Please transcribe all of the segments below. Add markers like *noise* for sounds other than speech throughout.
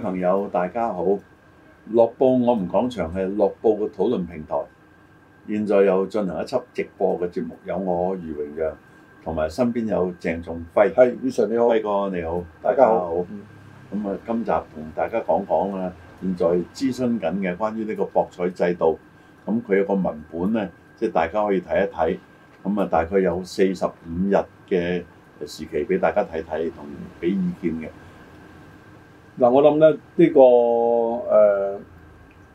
朋友，大家好！樂報我哋講場係，樂報嘅討論平台，現在又進行一輯直播嘅節目，有我余榮陽，同埋身邊有鄭仲輝，係余生你好，輝哥你好，大家好。咁啊、嗯，今集同大家講講啊，現在諮詢緊嘅關於呢個博彩制度，咁佢有個文本呢，即係大家可以睇一睇，咁啊大概有四十五日嘅時期俾大家睇睇同俾意見嘅。嗱，我諗咧呢個誒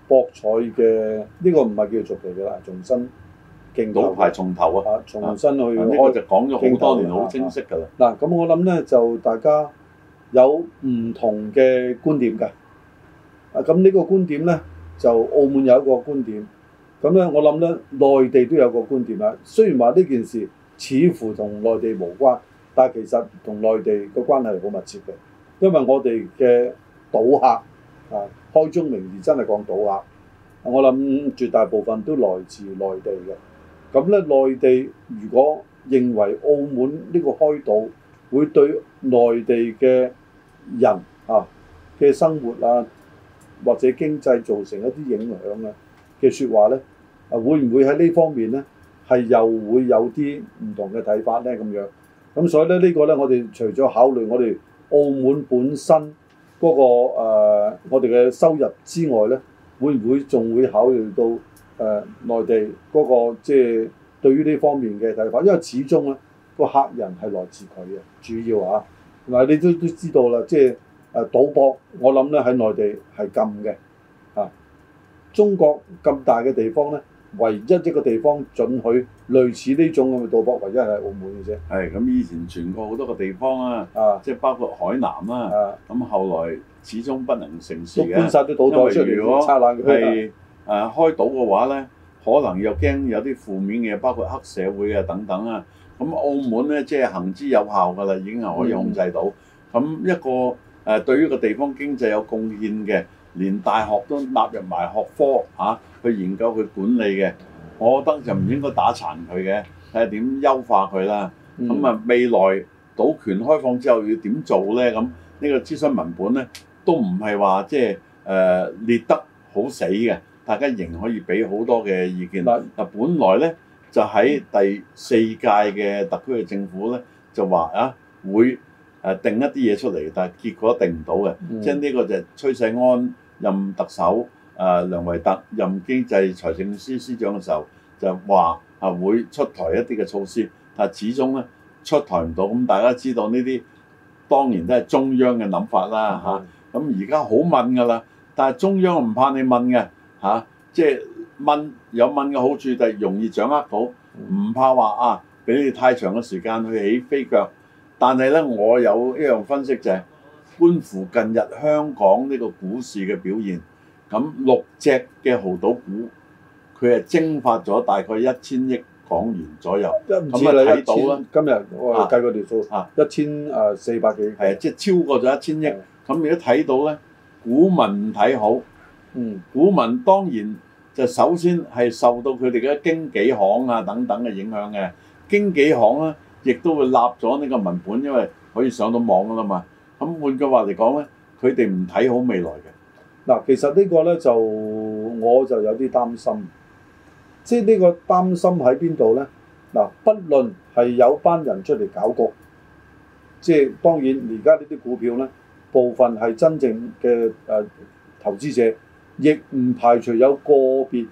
博彩嘅呢個唔係叫做續期嘅啦，重新競投。老重頭啊！重新去開就講咗好多年，好清晰㗎啦。嗱，咁我諗咧就大家有唔同嘅觀點㗎。啊，咁呢個觀點咧就澳門有一個觀點，咁咧我諗咧內地都有個觀點啦。雖然話呢件事似乎同內地無關，但係其實同內地個關係係好密切嘅。因為我哋嘅賭客啊，開宗明義真係講賭客，我諗絕大部分都來自內地嘅。咁咧，內地如果認為澳門呢個開賭會對內地嘅人啊嘅生活啊或者經濟造成一啲影響啊嘅説話咧，啊會唔會喺呢方面咧係又會有啲唔同嘅睇法咧咁樣？咁所以咧呢、呢個咧，我哋除咗考慮我哋澳門本身嗰、那個、呃、我哋嘅收入之外咧，會唔會仲會考慮到誒、呃、內地嗰、那個即係、就是、對於呢方面嘅睇法？因為始終咧個客人係來自佢嘅主要啊。嗱，你都都知道啦，即係誒賭博，我諗咧喺內地係禁嘅啊。中國咁大嘅地方咧。唯一一個地方準許類似呢種咁嘅賭博，唯一係澳門嘅啫。係咁，以前全國好多個地方啊，啊，即係包括海南啊，咁、啊、後來始終不能成事嘅，啲賭徒出嚟，因為如果係誒開賭嘅話咧，可能又驚有啲負面嘅，包括黑社會啊等等啊。咁澳門咧，即係行之有效㗎啦，已經係可以控制到。咁、嗯、一個誒、呃，對於個地方經濟有貢獻嘅，連大學都納入埋學科嚇。啊啊去研究去管理嘅，我覺得就唔應該打殘佢嘅，睇下點優化佢啦。咁啊、嗯、未來賭權開放之後要點做咧？咁呢個諮詢文本咧都唔係話即係誒列得好死嘅，大家仍可以俾好多嘅意見。嗱的，本來咧就喺第四屆嘅特區嘅政府咧就話啊會誒定一啲嘢出嚟，但係結果定唔到嘅，嗯、即係呢個就係崔世安任特首。誒梁維特任經濟財政司司長嘅時候，就話係會出台一啲嘅措施，但係始終咧出台唔到。咁大家知道呢啲當然都係中央嘅諗法啦嚇。咁而家好問㗎啦，但係中央唔怕你問嘅嚇，即、啊、係、就係、問有問嘅好處，就係容易掌握到，唔怕話啊俾你太長嘅時間去起飛腳。但係咧，我有一樣分析就係、是，觀乎近日香港呢個股市嘅表現。咁六隻嘅豪賭股，佢係蒸發咗大概一千億港元左右。咁啊睇到啦，千今日我計過條數，啊、一千誒、啊、四百幾。係啊，即係超過咗一千億。咁你一睇到咧，股民唔睇好，嗯，股民當然就首先係受到佢哋嘅經紀行啊等等嘅影響嘅。經紀行咧、啊，亦都會立咗呢個文本，因為可以上到網噶啦嘛。咁換句話嚟講咧，佢哋唔睇好未來嘅。嗱，其實呢個咧就我就有啲擔心，即係呢個擔心喺邊度咧？嗱，不論係有班人出嚟搞局，即係當然而家呢啲股票咧，部分係真正嘅誒投資者，亦唔排除有個別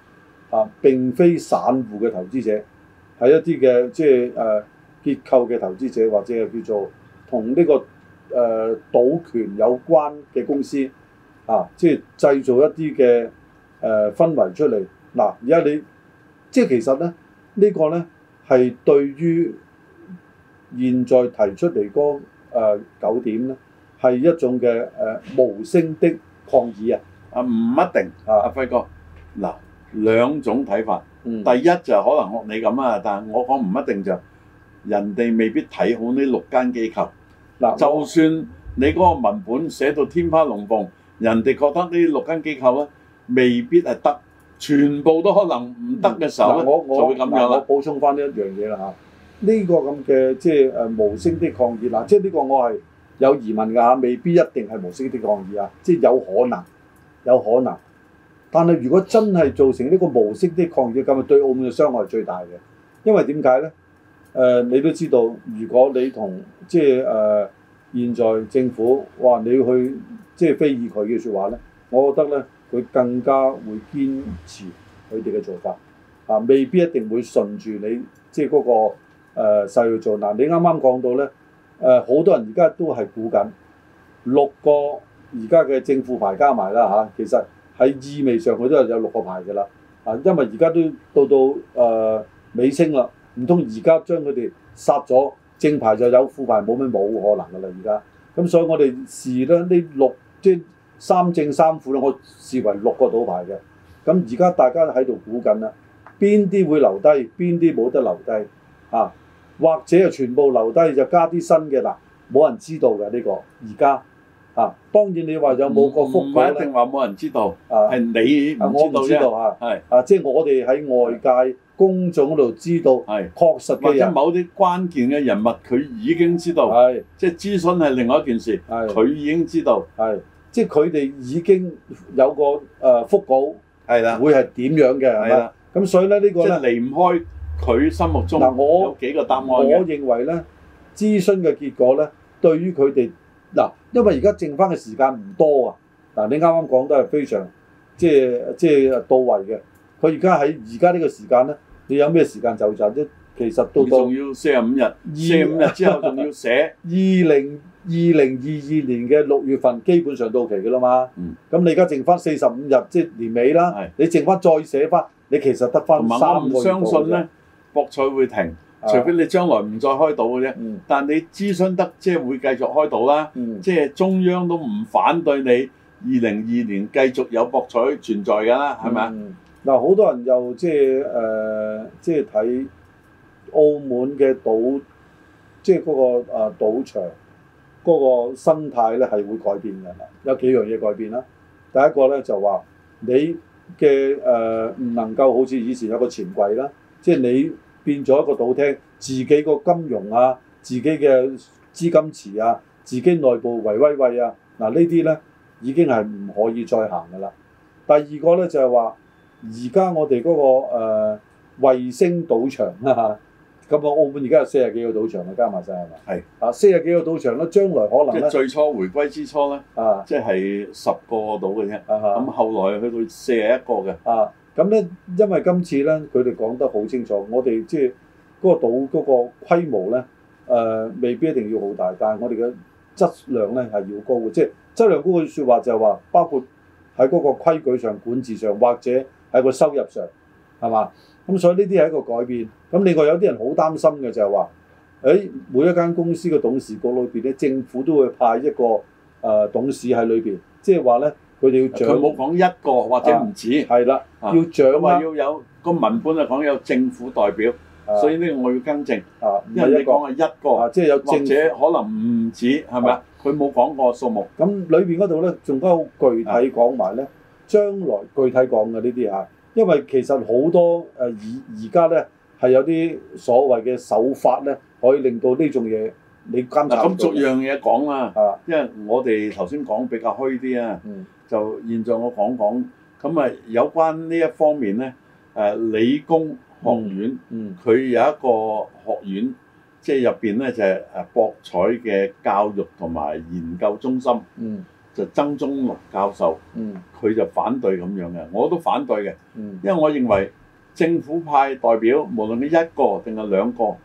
啊並非散戶嘅投資者，係一啲嘅即係誒結構嘅投資者，或者係叫做同呢個誒賭權有關嘅公司。啊！即係製造一啲嘅誒氛圍出嚟嗱，而家你即係其實咧，這個、呢個咧係對於現在提出嚟嗰、呃、九點咧，係一種嘅誒、呃、無聲的抗議啊！啊，唔一定啊，阿、啊、輝哥嗱，兩種睇法。第一就可能學你咁啊，但係我講唔一定就是、人哋未必睇好呢六間機構。嗱喏，就算你嗰個文本寫到天花龍鳳。人哋覺得呢六間機構咧未必係得，全部都可能唔得嘅時候，我就會咁樣，我補充翻呢一、嗯、樣嘢啦嚇，呢個咁嘅即係誒無聲的抗議嗱，即係呢個我係有疑問㗎嚇，未必一定係無聲的抗議啊，即、就、係、是、有可能，有可能。但係如果真係造成呢個無聲的抗議咁啊，就是、對澳門嘅傷害最大嘅，因為點解咧？誒、呃，你都知道，如果你同即係誒。就是現在政府，哇！你去即係非議佢嘅説話咧，我覺得咧佢更加會堅持佢哋嘅做法，啊，未必一定會順住你即係嗰個誒勢去做。嗱，你啱啱講到咧，誒、呃、好多人而家都係估緊六個而家嘅政府牌加埋啦嚇，其實喺意味上佢都係有六個牌嘅啦，啊，因為而家都到到誒尾聲啦，唔通而家將佢哋殺咗？正牌就有，副牌冇咩？冇可能噶啦，而家咁，所以我哋視咧呢六即三正三副咧，我視為六個賭牌嘅。咁而家大家喺度估緊啦，邊啲會留低，邊啲冇得留低啊？或者啊，全部留低就加啲新嘅嗱，冇人知道嘅呢個而家啊。當然你話有冇個福㗎，唔一定話冇人知道啊，係你唔知道啫。係嘅啊，即係我哋喺外界。公眾嗰度知道，係是確實，或者某啲關鍵嘅人物佢已經知道，係即係諮詢係另外一件事，佢是已經知道，係即係佢哋已經有個誒腹稿，係啦的，會係點樣嘅，係啦的。咁所以咧，這個、呢個咧真係離唔開佢心目中我有幾個答案我，我認為咧，諮詢嘅結果咧，對於佢哋嗱，因為而家剩返嘅時間唔多啊。嗱，你啱啱講得係非常即係即係到位嘅。佢而家喺而家呢個時間咧，你有咩時間就賺啫？其實都仲要四十五日，四十五日之後仲要寫二零二零二二年嘅六月份基本上到期嘅啦嘛。咁你而家剩翻四十五日，即係年尾啦。你剩翻再寫翻，你其實得翻三個月。唔係，我唔相信咧，博彩會停，除非你將來唔再開賭嘅啫。但你諮詢得即係會繼續開賭啦，即係中央都唔反對你二零二二年繼續有博彩存在㗎啦，係咪啊？嗱，好多人又即係誒，即係睇澳門嘅賭，即係嗰個啊賭場嗰個生態咧係會改變嘅啦。有幾樣嘢改變啦。第一個咧就話你嘅誒唔能夠好似以前有個錢櫃啦，即係你變咗一個賭廳，自己個金融啊、自己嘅資金池啊、自己內部維威維啊，嗱呢啲咧已經係唔可以再行嘅啦。第二個咧就係話。而家我哋嗰、那個誒、呃、衛星賭場啦嚇，咁啊，澳門而家有四十幾個賭場啦，加埋晒係嘛？係是啊，四十幾個賭場啦，將來可能最初回歸之初咧，啊，即係十個賭嘅啫，咁、啊、後來去到四十一個嘅，啊，咁咧因為今次咧佢哋講得好清楚，我哋即係嗰個賭嗰個規模咧，誒、呃、未必一定要好大，但係我哋嘅質量咧係要高嘅，即、就、係、是、質量高嘅説話就係話，包括喺嗰個規矩上、管治上或者。喺個收入上，係嘛？咁所以呢啲係一個改變。咁另外有啲人好擔心嘅就係話，誒、欸、每一間公司嘅董事局裏邊咧，政府都會派一個誒、呃、董事喺裏邊，即係話咧佢哋要長。佢冇講一個或者唔止。係啦、啊，啊、要長掌啊要有個文本啊講有政府代表，啊、所以咧我要更正，啊、因為你講啊一個或者可能唔止係咪啊？佢冇講個數目。咁裏邊嗰度咧仲加好具體講埋咧。將來具體講嘅呢啲嚇，因為其實好多誒而而家咧係有啲所謂嘅手法咧，可以令到呢種嘢你監察到。咁逐樣嘢講啦，啊、吧因為我哋頭先講比較虛啲啊，嗯、就現在我講講，咁啊有關呢一方面咧，誒理工學院佢、嗯嗯、有一個學院，即、就、係、是、入邊咧就係誒博彩嘅教育同埋研究中心。嗯就曾忠祿教授，佢、嗯、就反對咁樣嘅，我都反對嘅，嗯、因為我認為政府派代表，無論佢一個定係兩個，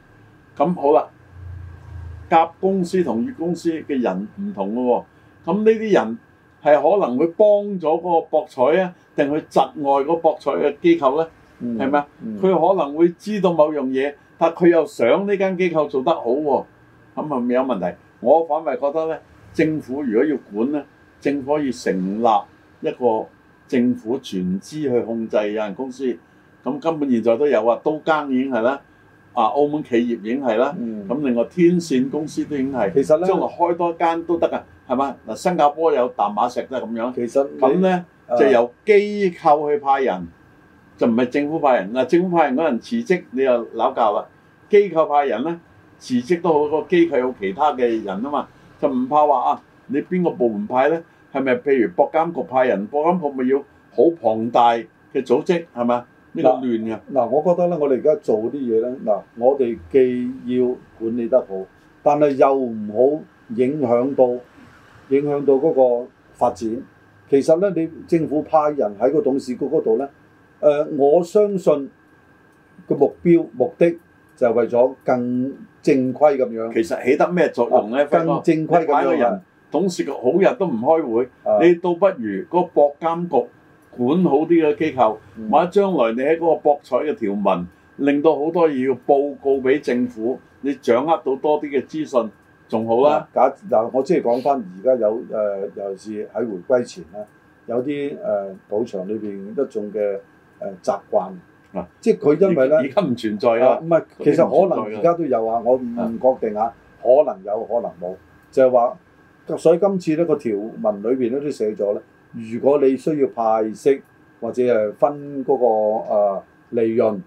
咁好啦，甲公司同乙公司嘅人唔同嘅喎、哦，咁呢啲人係可能會幫咗嗰個博彩啊，定去窒礙嗰個博彩嘅機構咧，係咪啊？佢吧、嗯、可能會知道某樣嘢，但佢又想呢間機構做得好喎、哦，咁係咪有問題？我反為覺得咧，政府如果要管咧。政府要成立一個政府全資去控制有限公司，咁根本現在都有啊，都更已經係啦，啊澳門企業已經係啦，咁、嗯、另外天線公司都已經係，其實咧，將來開多間都得噶，係嘛？嗱新加坡有淡馬錫都係咁樣，其實咁咧、uh, 就由機構去派人，就唔係政府派人嗱，政府派人嗰人辭職你又鬧交啦，機構派人咧辭職都好，個機構有其他嘅人啊嘛，就唔怕話啊。你邊個部門派咧？係咪譬如博監局派人？博監局咪要好龐大嘅組織係咪？呢個亂㗎。嗱，我覺得咧，我哋而家做啲嘢咧，嗱，我哋既要管理得好，但係又唔好影響到影響到嗰個發展。其實咧，你政府派人喺個董事局嗰度咧，誒，我相信個目標目的就係為咗更正規咁樣。其實起得咩作用咧？更正規咁樣派嘅人。董事局好日都唔開會，啊、你倒不如個博監局管好啲嘅機構，嗯、或者將來你喺嗰個博彩嘅條文、嗯、令到好多嘢要報告俾政府，你掌握到多啲嘅資訊仲好啦。嗱、啊，嗱，我即係講翻而家有誒、呃，尤其是喺回歸前咧，有啲誒賭場裏邊一種嘅誒習慣，啊、即係佢因為咧，而家唔存在啊，唔係、啊，其實可能而家都有啊，我唔確定啊，可能有可能冇，能能就係話。所以今次咧個條文裏邊咧都寫咗咧，如果你需要派息或者誒分嗰、那個、呃、利潤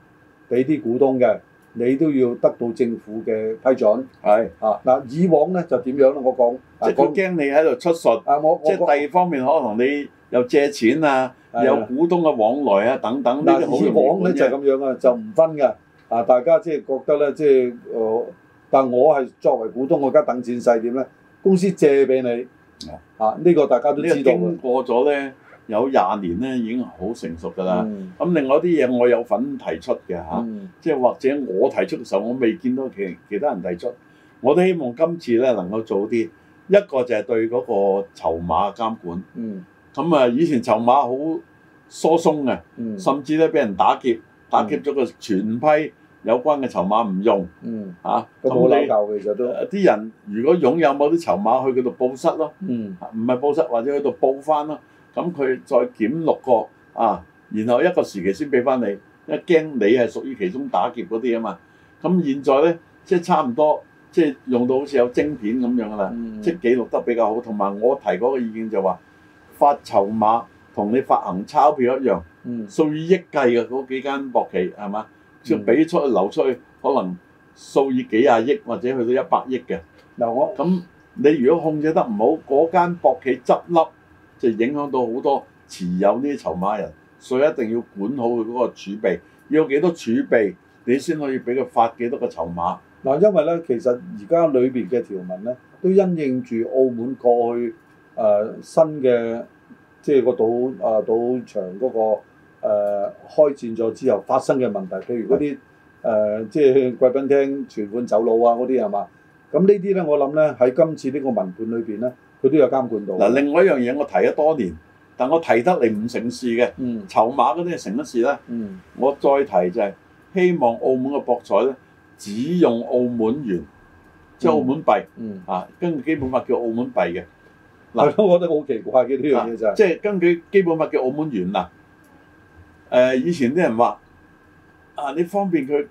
俾啲股東嘅，你都要得到政府嘅批准。係的啊，嗱，以往咧就點樣咧？我講，即係佢驚你喺度出術。啊，我即是 我我覺得第二方面可能你又借錢啊，的有股東嘅往來啊等等。嗱，以往咧就係咁樣啊，就唔分嘅。啊，大家即係覺得咧，即係誒、呃，但我係作為股東，我而家等錢勢點咧？公司借俾你，啊呢個大家都知道。過咗咧有廿年咧已經好成熟噶啦。咁、嗯、另外啲嘢我有份提出嘅嚇，即係、嗯、或者我提出嘅時候我未見到其其他人提出，我都希望今次咧能夠做啲一,一個就係對嗰個籌碼監管。咁啊、嗯、以前籌碼好疏鬆嘅，嗯、甚至咧俾人打劫，打劫咗個全批。有關嘅籌碼唔用，嚇同、嗯啊、你啲、呃、人如果擁有某啲籌碼、嗯、去佢度報失咯，唔係報失或者去度報翻咯，咁佢再檢錄個啊，然後一個時期先俾翻你，因為驚你係屬於其中打劫嗰啲啊嘛。咁、啊、現在咧，即係差唔多，即係用到好似有晶片咁樣噶啦，嗯、即係記錄得比較好。同埋我提嗰個意見就話、是、發籌碼同你發行鈔票一樣，數以億計嘅嗰幾間博企係嘛？即係俾出去，流出去，可能數以幾廿億或者去到一百億嘅。嗱我咁，你如果控制得唔好，嗰間博企執笠，就影響到好多持有呢啲籌碼人，所以一定要管好佢嗰個儲備，要有幾多儲備，你先可以俾佢發幾多個籌碼。嗱，因為咧，其實而家裏邊嘅條文咧，都因應住澳門過去誒、呃、新嘅，即係個賭啊、呃、賭場嗰、嗰個。誒、呃、開展咗之後發生嘅問題，譬如嗰啲誒即係去貴賓廳存款走佬啊，嗰啲係嘛？咁呢啲咧，我諗咧喺今次呢個文本裏邊咧，佢都有監管到。嗱啥，另外一樣嘢我提咗多年，但我提得你唔成事嘅，嗯、嗯，籌碼嗰啲成得事咧，嗯，我再提就係、是、希望澳門嘅博彩咧，只用澳門元，即係、嗯、澳門幣，嗯、um, 啊，啊，根據基本法叫澳門幣嘅。嗱，我都覺得好奇怪嘅呢樣嘢就係，即係根據基本法叫澳門元嗱。ikle 誒、呃、以前啲人話啊，你方便佢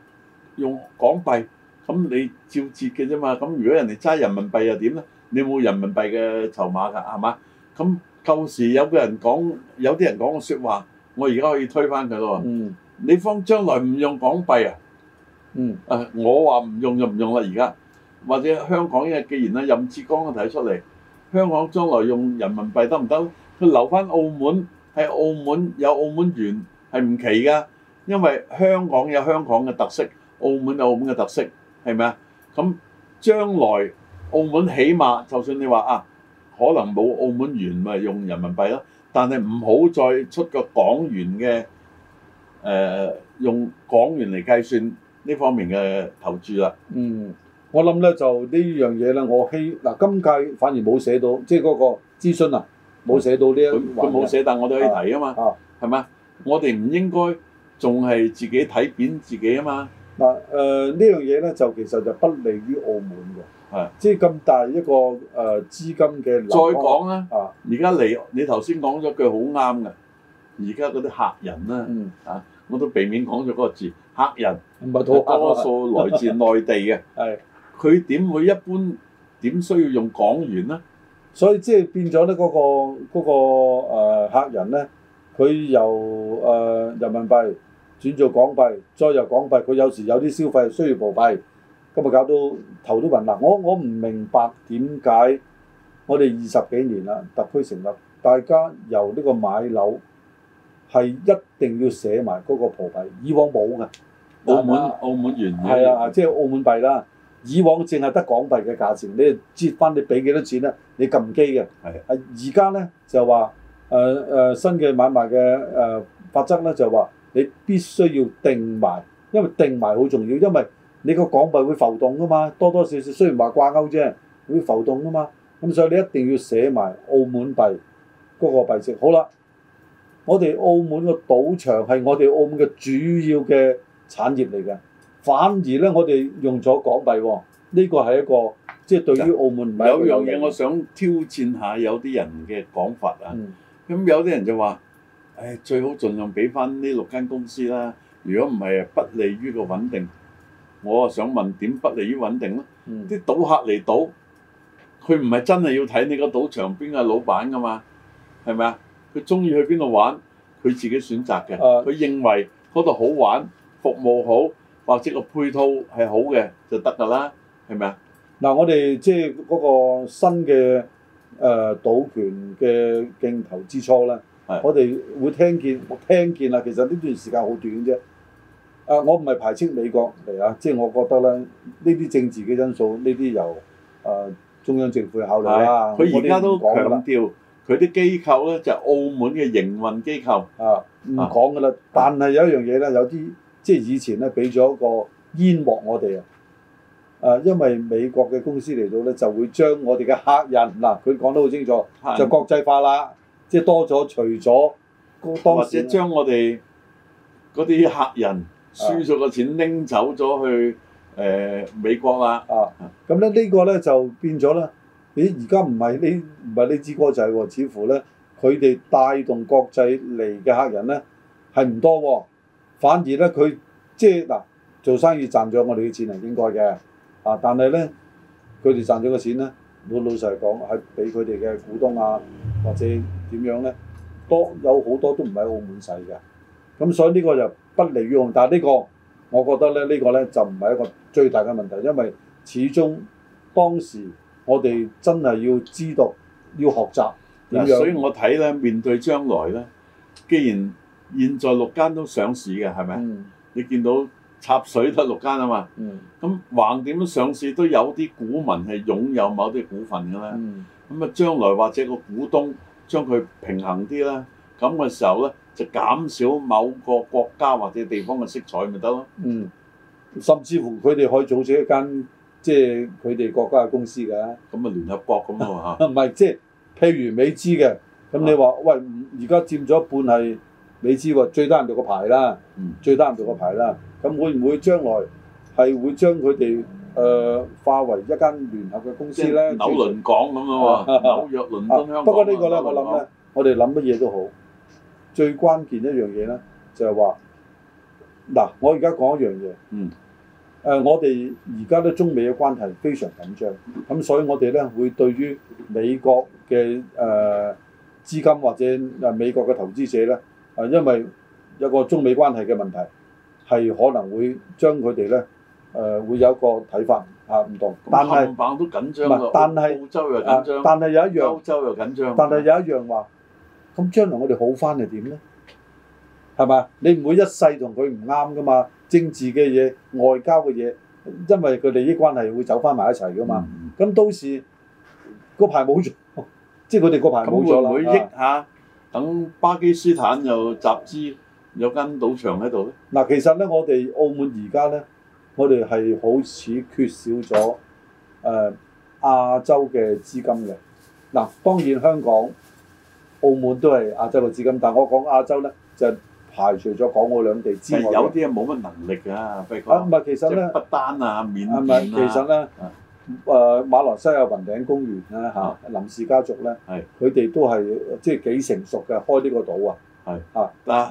用港幣，咁你照折嘅啫嘛。咁如果人哋揸人民幣又點咧？你冇人民幣嘅籌碼㗎係嘛？咁舊時有個人講，有啲人講嘅説話，我而家可以推翻佢咯。嗯，你方將來唔用港幣、嗯、啊？嗯，啊我話唔用就唔用啦。而家或者香港因為，既然啊任志剛都睇出嚟，香港將來用人民幣得唔得？佢留翻澳門，喺澳門有澳門元。係唔奇噶，因為香港有香港嘅特色，澳門有澳門嘅特色，係咪啊？咁將來澳門起碼，就算你話啊，可能冇澳門元咪用人民幣咯，但係唔好再出個港元嘅誒，用港元嚟計算呢方面嘅投注啦。嗯，我諗咧就呢樣嘢咧，我希嗱今屆反而冇寫到，即係嗰個諮詢啊冇寫到呢一佢佢冇寫，但我哋可以睇啊嘛，係咪？我哋唔應該仲係自己睇扁自己啊嘛，嗱誒、嗯呃、呢樣嘢咧就其實就不利於澳門㗎，係的即係咁大一個誒、呃、資金嘅流，再講啦，啊而家嚟你頭先講咗句好啱嘅，而家嗰啲客人咧、嗯、啊我都避免講咗嗰個字客人，唔係好多數來自內地嘅係，佢點會一般點需要用港元呢」咧，所以即係變咗咧嗰個，嗰、那個、客人咧佢由誒、呃、人民幣轉做港幣，再由港幣，佢有時有啲消費需要葡幣，今日搞到頭都暈啦。我我唔明白點解我哋二十幾年啦，特區成立，大家由呢個買樓係一定要寫埋嗰個葡幣，以往冇㗎。澳門、啊、澳門元係啊，即、就、係、是、澳門幣啦。以往淨係得港幣嘅價錢，你折翻你俾幾多錢咧？你撳機嘅係。而家咧就話。誒誒、uh, uh, 新嘅買賣嘅誒、uh, 法則咧，就話你必須要定埋，因為定埋好重要，因為你個港幣會浮動噶嘛，多多少少雖然話掛鈎啫，會浮動噶嘛。咁所以你一定要寫埋澳門幣嗰個幣值。好啦，我哋澳門個賭場係我哋澳門嘅主要嘅產業嚟嘅，反而咧我哋用咗港幣喎、哦，呢個係一個即係對於澳門唔係有，有樣嘢，我想挑戰下有啲人嘅講法啊。嗯咁有啲人就話，誒、哎、最好盡量俾翻呢六間公司啦。如果唔係，不利於個穩定。我想問點不利於穩定呢？啲賭、嗯、客嚟賭，佢唔係真係要睇你個賭場邊個老闆㗎嘛？係咪啊？佢中意去邊度玩，佢自己選擇嘅。佢、呃、認為嗰度好玩，服務好，或者個配套係好嘅，就得㗎啦。係咪啊？嗱、呃，我哋即係嗰個新嘅。誒、呃、賭權嘅競投之初咧，的我哋會聽見，我聽見啦。其實呢段時間好短啫。誒、呃，我唔係排斥美國嚟啊，即、就、係、是、我覺得咧，呢啲政治嘅因素，呢啲由誒、呃、中央政府考慮啦、啊。佢而家都強調，佢啲機構咧就係、澳門嘅營運機構啊，唔講噶啦。啊、但係有一樣嘢咧，有啲即係以前咧俾咗個煙幕我哋啊。誒、啊，因為美國嘅公司嚟到咧，就會將我哋嘅客人嗱，佢、啊、講得好清楚，行就國際化啦，即係多咗除咗當時或者將我哋嗰啲客人輸咗個錢拎、啊、走咗去誒、呃、美國啦、啊。啊，咁咧呢個咧就變咗咧，咦？而家唔係呢唔係呢支歌仔喎，似乎咧佢哋帶動國際嚟嘅客人咧係唔多喎，反而咧佢即係嗱、啊，做生意賺咗我哋嘅錢係應該嘅。啊！但係咧，佢哋賺咗個錢咧，老老實係講係俾佢哋嘅股東啊，或者點樣咧，多有好多都唔喺澳門使嘅。咁、啊、所以呢個就不利於用。但係呢、呢個，我覺得咧，呢個、呢個咧就唔係一個最大嘅問題，因為始終當時我哋真係要知道要學習點樣。所以我睇咧面對將來咧，既然現在六間都上市嘅係咪？嗯、你見到？插水得六間啊嘛，咁橫掂上市都有啲股民係擁有某啲股份㗎啦。咁啊、嗯，將來或者個股東將佢平衡啲啦，咁嘅時候咧就減少某個國家或者地方嘅色彩咪得咯。嗯，甚至乎佢哋可以組織一間即係佢哋國家嘅公司㗎。咁啊，聯合國咁喎，嚇唔係即係譬如美資嘅，咁你話、啊、喂而家佔咗一半係美資喎，最得人哋個牌啦，最得人哋個牌啦。限的咁會唔會將來係會將佢哋誒化為一間聯合嘅公司咧？紐倫港咁啊嘛，紐約倫咁樣。不過 *laughs* 呢個咧，我諗咧，我哋諗乜嘢都好，最關鍵一樣嘢咧就係、是、話，嗱，我而家講一樣嘢。嗯。誒、啊，我哋而家咧中美嘅關係非常緊張，咁所以我哋咧會對於美國嘅誒資金,金或者啊美國嘅投資者咧，啊因為一個中美關係嘅問題。係可能會將佢哋咧，誒、呃、會有一個睇法啊唔同。但係，唔係，但係有一樣，歐洲又緊張但係有一樣話，咁將來我哋好翻係點咧？係嘛？你唔會一世同佢唔啱噶嘛？政治嘅嘢、外交嘅嘢，因為個利益關係會走翻埋一齊噶嘛？咁、嗯、到時嗰排冇咗，那個嗯、即係佢哋嗰排冇咗啦。咁唔、嗯、會,會益下。吧啊、等巴基斯坦,斯坦又集資。有間賭場喺度咧？嗱，其實咧，我哋澳門而家咧，我哋係好似缺少咗誒亞洲嘅資金嘅。嗱，當然香港、澳門都係亞洲嘅資金，但係我講亞洲咧，就排除咗港澳兩地之外。有啲嘢冇乜能力㗎，譬如講即係不單啊、免免啊。啊，馬來西亞雲頂公園咧、啊、嚇，林氏家族咧，佢哋都係即係幾成熟嘅開呢個賭啊。係啊嗱。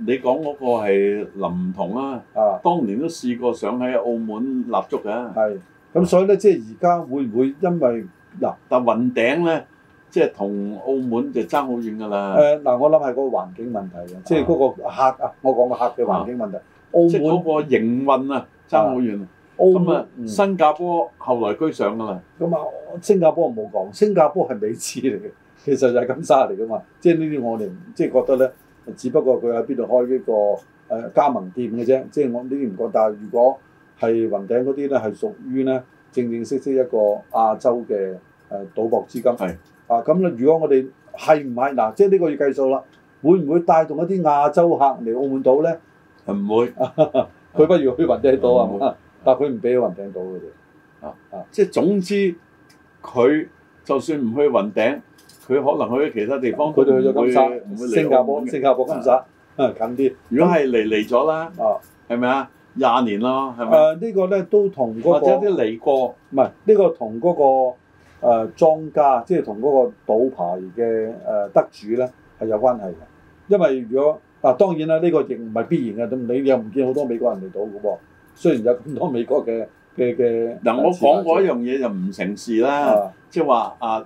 你講嗰個係林同啊，啊，當年都試過想喺澳門立足嘅，係咁，所以咧即係而家會唔會因為嗱，啊、但雲頂咧即係同澳門就爭好遠噶啦。誒嗱、呃呃，我諗係個環境問題嘅，即係嗰個客啊，我講個客嘅環境問題，啊、澳門即係嗰個營運啊，爭好遠。澳門新加坡後來居上噶啦。咁啊，新加坡我冇講，新加坡係尾市嚟嘅，其實就係金沙嚟噶嘛。即係呢啲我哋即係覺得咧。只不過佢喺邊度開呢個誒加盟店嘅啫，即係我呢啲唔覺。但係如果係雲頂嗰啲咧，係屬於咧正正式式一個亞洲嘅誒賭博資金。係啊，咁咧如果我哋係唔係嗱，即係呢個要計數啦，會唔會帶動一啲亞洲客嚟澳門賭咧？係唔會，佢不如去雲頂賭啊！但係佢唔俾去雲頂賭嘅啫。啊啊！即係總之，佢就算唔去雲頂。佢可能去其他地方，佢哋去咗金沙，新加坡，新加坡金沙近啲。是是嗯、如果係嚟嚟咗啦，係咪、嗯、啊？廿年咯，係咪、那個？誒呢個咧都同嗰個或者啲嚟過，唔係呢個同嗰、嗯這個誒、那個啊、莊家，即係同嗰個賭、嗯、牌嘅誒、啊、得主咧係有關係嘅。因為如果嗱、啊、當然啦、啊，呢、這個亦唔係必然嘅。咁你又唔見好多美國人嚟到嘅喎？雖然有咁多美國嘅嘅嘅嗱，我講過一樣嘢就唔成事啦，即係話啊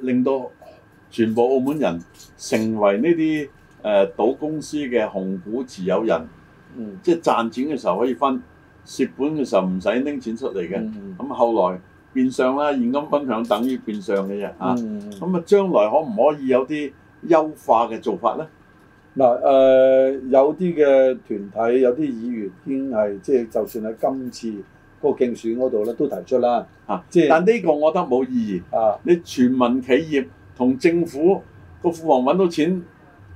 令到。就是全部澳門人成為呢啲誒賭公司嘅紅股持有人，嗯、即係賺錢嘅時候可以分，蝕本嘅時候唔使拎錢出嚟嘅。咁、嗯、後來變相啦，現金分享等於變相嘅嘢啊。咁、嗯、啊，將來可唔可以有啲優化嘅做法咧？嗱誒、呃，有啲嘅團體，有啲議員已經係即係，就算喺今次個競選嗰度咧，都提出啦嚇。啊、即係，但呢個我覺得冇意義。啊、你全民企業。同政府個富王揾到錢，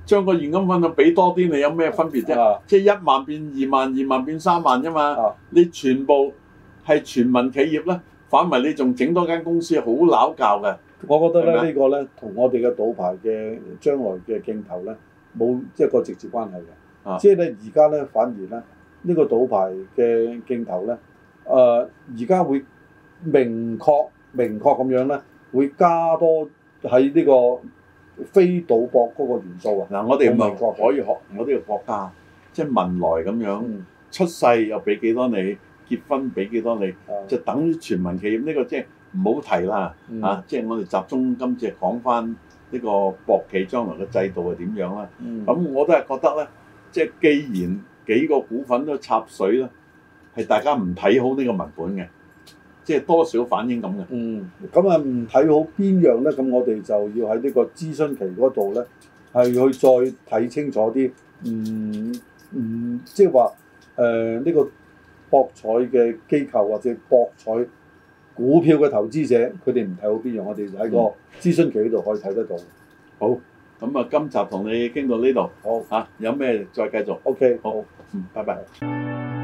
將個現金分到俾多啲，你有咩分別啫？啊、即係一萬變二萬，二萬變三萬啫嘛。啊、你全部係全民企業咧，反為你仲整多間公司，好撈教嘅。我覺得咧，吧個呢個咧同我哋嘅賭牌嘅將來嘅競投咧，冇即係個直接關係嘅。啊、即係咧，而家咧反而咧，這個、倒呢個賭牌嘅競投咧，誒而家會明確明確咁樣咧，會加多。喺呢個非賭博嗰個元素啊嗱、啊，我哋唔咪可以學我哋國家，即係文萊咁樣、mm. 出世又俾幾多你，結婚俾幾多你，就等全民企業呢、這個即係唔好提啦嚇，即係、mm. 啊就是、我哋集中今次講翻呢個博企將來嘅制度係點樣啦。咁、mm. 我都係覺得咧，即、就、係、是、既然幾個股份都插水啦，係大家唔睇好呢個文本嘅。即係多少反應咁嘅、嗯。嗯，咁啊唔睇好邊樣咧？咁我哋就要喺呢個諮詢期嗰度咧，係去再睇清楚啲。唔唔，即係話誒呢個博彩嘅機構或者博彩股票嘅投資者，佢哋唔睇好邊樣，我哋就喺個諮詢期嗰度可以睇得到。好，咁啊、嗯、今集同你傾到呢度。好嚇、啊，有咩再繼續？OK。好，嗯，拜拜。